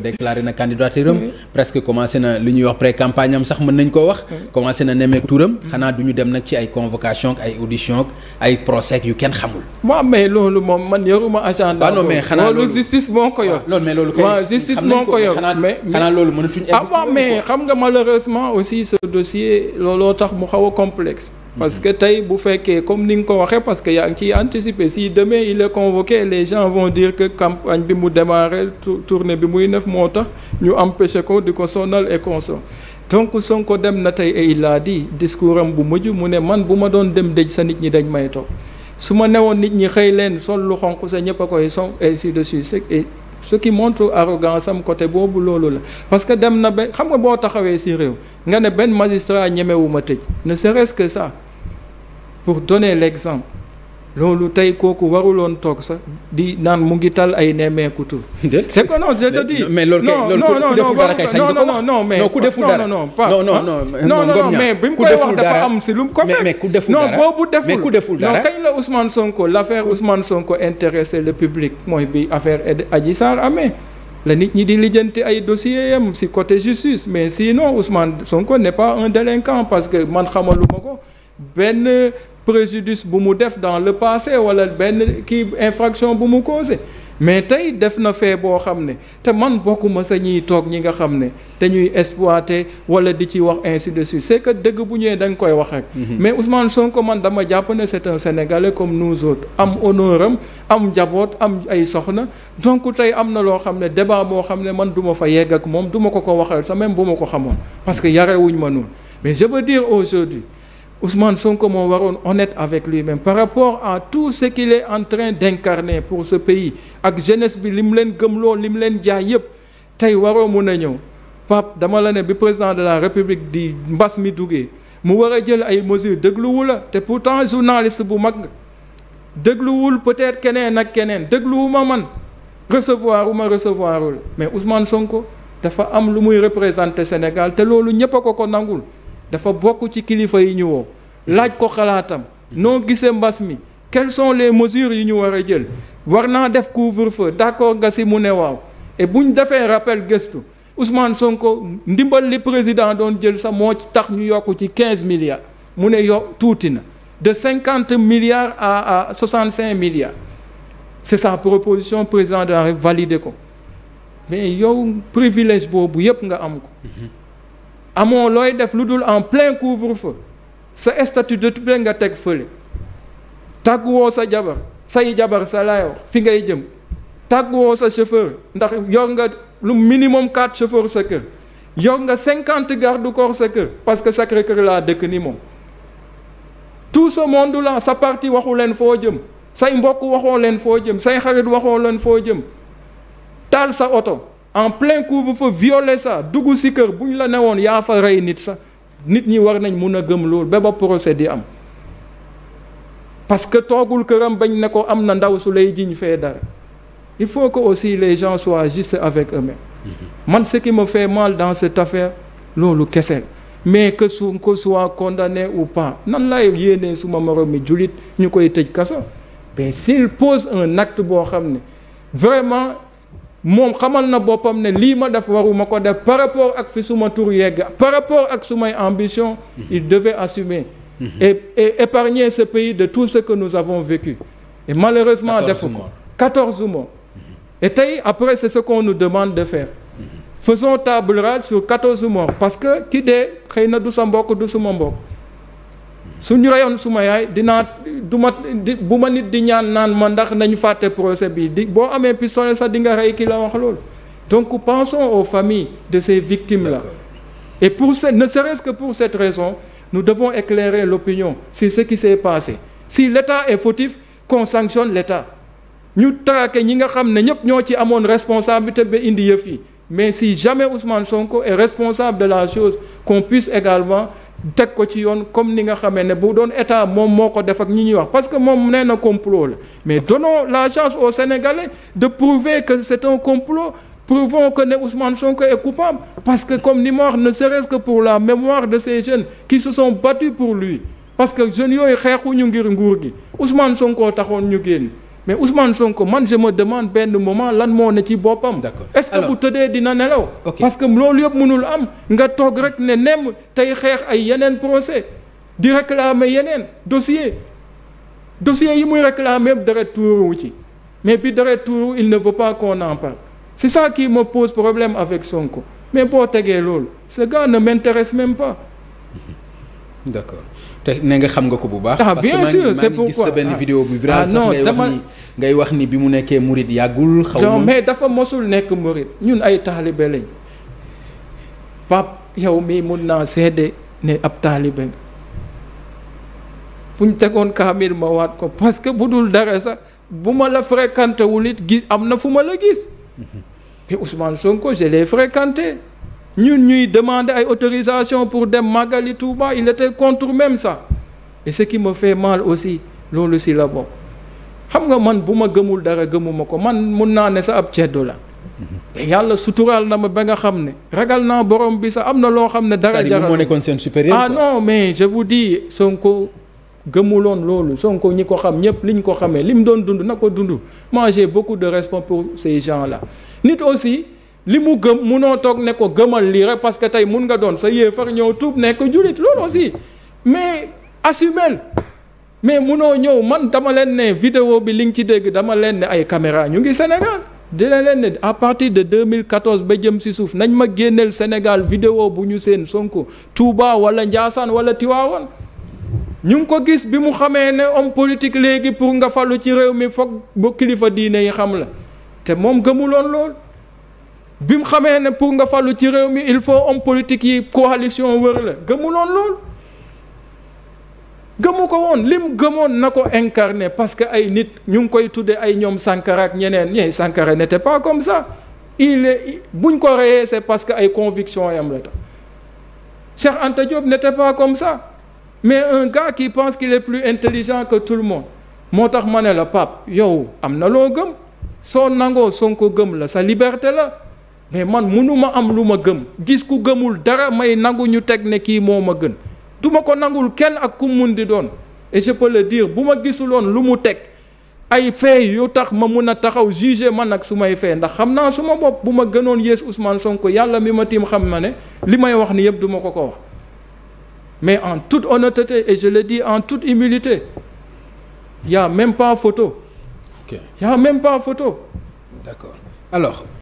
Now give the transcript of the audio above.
déclaré na candidature am mm-hmm. presque commencé na li ñuy wax pré campagne am sax mën nañ koo wax mm-hmm. commencé na nemmeeku turam mm-hmm. xanaa du ñu dem nag ci ay convocation ak ay audition ay procès yu kenn xamul waaw mais loolu moom man yoruma agenda waaw non mais xanaa loolu justice moo ko yor loolu mais loolu kay waaw justice moo ko yor mais xanaa loolu ah, mais xam nga malheureusement aussi ce dossier looloo tax mu xaw a complexe parce que tey bu fekkee comme ni nga ko waxee parce que yaa ngi ciy anticiper si demain il est convoqué les gens vont dire que campagne bi mu démarré tournée bi muy nef moo tax ñu empêché ko di ko sonal et conso donc Sonko dem na tey et il di dit discours bu mujj mu ne man bu ma doon dem dëj sa nit ñi dañ may topp su ma newoon nit ñi xëy leen sol lu xonq sa ñëpp a koy son ainsi de suite et ce qui montre arogan sam côté boobu loolu la parce que dem na ba xam nga boo taxawee ci réew nga ne benn magistrat ñemewu ma tëj ne serait-ce que ça pour donner l'exemple loolu tey kooku waruloon toog sax di naan mu ngi tal ay nemmeeku tur. c'est que non je te dis. mais loolu kay loolu ku deful dara kay sañ nga ko wax non non ku deful dara ah. non non non non non mais bi mu koy wax dafa am si lu mu ko fekk. mais ku deful dara non boobu deful. mais ku deful dara non kañ la Ousmane Sonko l'affaire Ousmane Sonko intéressé le public mooy bi affaire Adji Sarr amee. la nit ñi di lijjanti ay dossiers yam si côté justice mais sinon Ousmane Sonko n'est pas un délinquant parce que man xamaluma ko benn. préjudice bu mu def dans le passé wala benn kii infraction bu mu causé mais tey def na fee boo xam ne te man bokkuma sa ñuy toog ñi nga xam ne dañuy exploité wala di ci wax ainsi de suite que dëgg bu ñëwee da koy wax rek. Mhm. mais Ousmane Sonko man dama jàpp ne c'est un Sénégalais comme nous autres am honneur am njaboot am ay soxna donc tey am na loo xam ne débat boo xam ne man duma fa yegg ak moom du ma ko ko waxal sax même bu ma ko xamoon parce que yarewuñ ma noonu mais Ousmane Sonko moo waroon honnête avec lui-même par rapport à tout ce qu'il est en train d'incarner pour ce pays ak jeunesse bi li mu leen gëmloo li mu leen jaay yëpp tey waroo mun a ñëw Pape dama la ne bi président de la République di mbas mi duggee mu war a jël ay mesures dégluwu la te pourtant journaliste bu mag dégluwul peut-être keneen ak keneen dégluwu ma man recevoir wu ma recevoirul mais Ousmane Sonko dafa am lu muy représenter Sénégal te loolu ñëpp ko ko nangul dafa bokk ci kilifa yi ñu woo laaj ko xalaatam noo gisee mbas mi quelles son les mesures yi ñu war a jël war naa def couvre-feu d'accord nga si mu ne waaw bu ñu defee rappel gëstu Ousmane Sonko ndimbal li président doon jël sax moo tax ñu yokk ci quinze milliards mu ne yo tuuti na de cinquante milliards à à soixante-cinq milliards c'est sa proposition président de la République validé ko mais yow privilège boobu yëpp nga am ko mhm. amoo looy def lu dul en plein couvre-feu sa statut de tout nga teg fële tàgguwoo sa jabar say jabar sa laay wax fi ngay jëm tàgguwoo sa chauffeur ndax yor nga lu minimum quatre chauffeurs sa kër yor nga cinquante garde du corps sa kër parce que Sacré-Cœur laa dëkk ni moom tout sa monde là sa parti waxu leen foo jëm say mbokk waxoo leen foo jëm say xarit waxoo leen foo jëm taal sa oto en plein couvre-feu violer ça dugg si kër bu ñu la woon yaa fa rey nit sax nit ñi war nañ mun a gëm loolu ba ba procès di am parce que toogul këram bañ ne ko am na ndaw su lay jiñ fee dara il faut que aussi les gens soient justes avec eux-mêmes mm-hmm. man ce qui me fait mal dans cette affaire loolu kese mais que Sonko soit condamné ou pas nan lay yéenee suma moromi julit ñu koy tëj kaso mais s'il pose un acte boo xam ne vraiment moom xamal na boppam ne lii ma def waruma ko def par rapport ak fi suma tur yegg par rapport ak sumay ambition mhm. il devait assumer mhm. et, et épargner ce pays de tout ce que nous avons vécu et malheureusement defu ko quatorze mois mhm. et tey après c'est ce qu'on nous demande de faire faisons table rase sur quatorze morts parce que ki dee xëy na du sa mbokk du suma mbokk su suñu reyoon suma yaay dinaa du ma di bu ma nit di ñaan naan ma ndax nañu fàtte procès bi di boo amee pistolet sax dinga rey ki la wax loolu donc pensons aux familles de ces victimes la et pour ce ne serait que pour cette raison nous devons éclairer l'opinion si ce qui s'est passé si l'État est fautif qu'on sanctionne l'État ñu traqué ñi nga xam ne ñëpp ñoo ci amoon responsabilité ba indi yëf yi mais si jamais Ousmane Sonko est responsable de la chose qu'on puisse également teg ko ci yoon comme ni nga xamee ne bu doon état moom moo ko defak ak ñi ñuy wax parce que moom nee na complot la mais donnons la chance aux Sénégalais de prouver que c'est un complot prouvons que ne Ousmane Sonko est coupable parce que comme ni ma wax ne serait-ce que pour la mémoire de ces jeunes qui se sont battus pour lui parce que jeunes yooyu xeexuñu ngir nguur gi Ousmane Sonko taxoon ñu génn mais Ousmane Sonko man je me demande benn moment lan moo ne ci boppam. d'accord est-ce que bu tëddee dina nelaw. parce que loolu yëpp mënul am nga toog rek ne nemm tey xeex ay yeneen procès di réclamer yeneen dossier dossier yi muy réclamer yëpp dara ci mais bi dara tuuru il ne veut pas qu'on en parle c'est ça qui pose problème avec Sonko mais boo tegee loolu ce gars ne m'intéresse même pas. d' accord te ne nga xam nga ko bu baax. ah bien sûr c' est gis sa benn vidéo bu ah, viral sax dama ngay wax ni bi mu nekkee murit yàggul. xaw non mais dafa mosul nekk Mouride ñun ay taalibe lañ Pape yow mii mun naa seede ne ab taalibe nga fu tegoon kaamil ma waat ko parce que bu dul dara sax bu ma la fréquenté wul it gis am na fu ma la gis mhm. mais Ousmane Sonko je l'ai fréquenté. ñun ñuy demander ay autorisation pour dem màggali Touba il était contre même ça et ce qui me fait mal aussi loolu si la bokk xam nga man bu ma gëmul dara gëmuma ko man mun naa ne sa ab ceddu la yàlla suturaal na ma ba nga xam ne ragal naa borom bi sax am na loo xam ne dara jaral moo nekkoon seen supérieur ah non mais je vous dis Sonko gëmuloon loolu Sonko ñi ko xam ñëpp liñ ko xamee li mu doon dund na ko dund moi bokku de respect pour ces gens la nit aussi li mu gëm munoo toog ne ko gëmal lii rek parce que tey mun nga doon sa yéefar ñëw tuub nekk jullit loolu aussi mais assumel mais munoo ñëw man dama leen ne vidéo bi li nga ci dégg dama leen ne ay caméra ñu ngi Sénégal dina leen ne à partir de 2014 ba jëm si suuf nañ ma génneel Sénégal vidéo bu ñu seen Sonko Touba wala Ndiassane wala Tiwaawan ñu ngi ko gis bi mu xamee ne homme politique léegi pour nga falu ci réew mi foog ba kilifa diine yi xam la te moom gëmuloon lool bi mu xamee ne pour nga fallu ci réew mi il faut homme politique yi coalition wër la gëmuloon lool gëmu ko woon li mu gëmoon na ko incarné parce que ay nit ñu ngi koy tuddee ay ñoom Sankara ak ñeneen ñooy Sankara n'était pas comme ça il est buñ ko reyee c'est parce que ay conviction yam la tax Cheikh Anta Diop n'était pas comme ça mais un gars qui pense qu'il est plus intelligent que tout le monde moo tax ma ne la Pape yow am na loo gëm soo nangoo Sonko gëm la sa la mais man ma am lu ma gëm gis ku gëmul dara may nangu ñu teg ne kii moo ma gën du ma ko nangul kenn ak ku mun di doon et je peux le bu ma gisuloon lu mu teg ay fee yu tax ma mun a taxaw juger man ak su may fee ndax xam naa su ma bopp bu ma gënoon yées Ousmane Sonko yàlla mi ma tiim xam na ne li may wax ni yëpp du ma ko ko wax mais en toute honnêteté et je le en toute humilité y a même pas photo. ok y a même pas photo. d'accord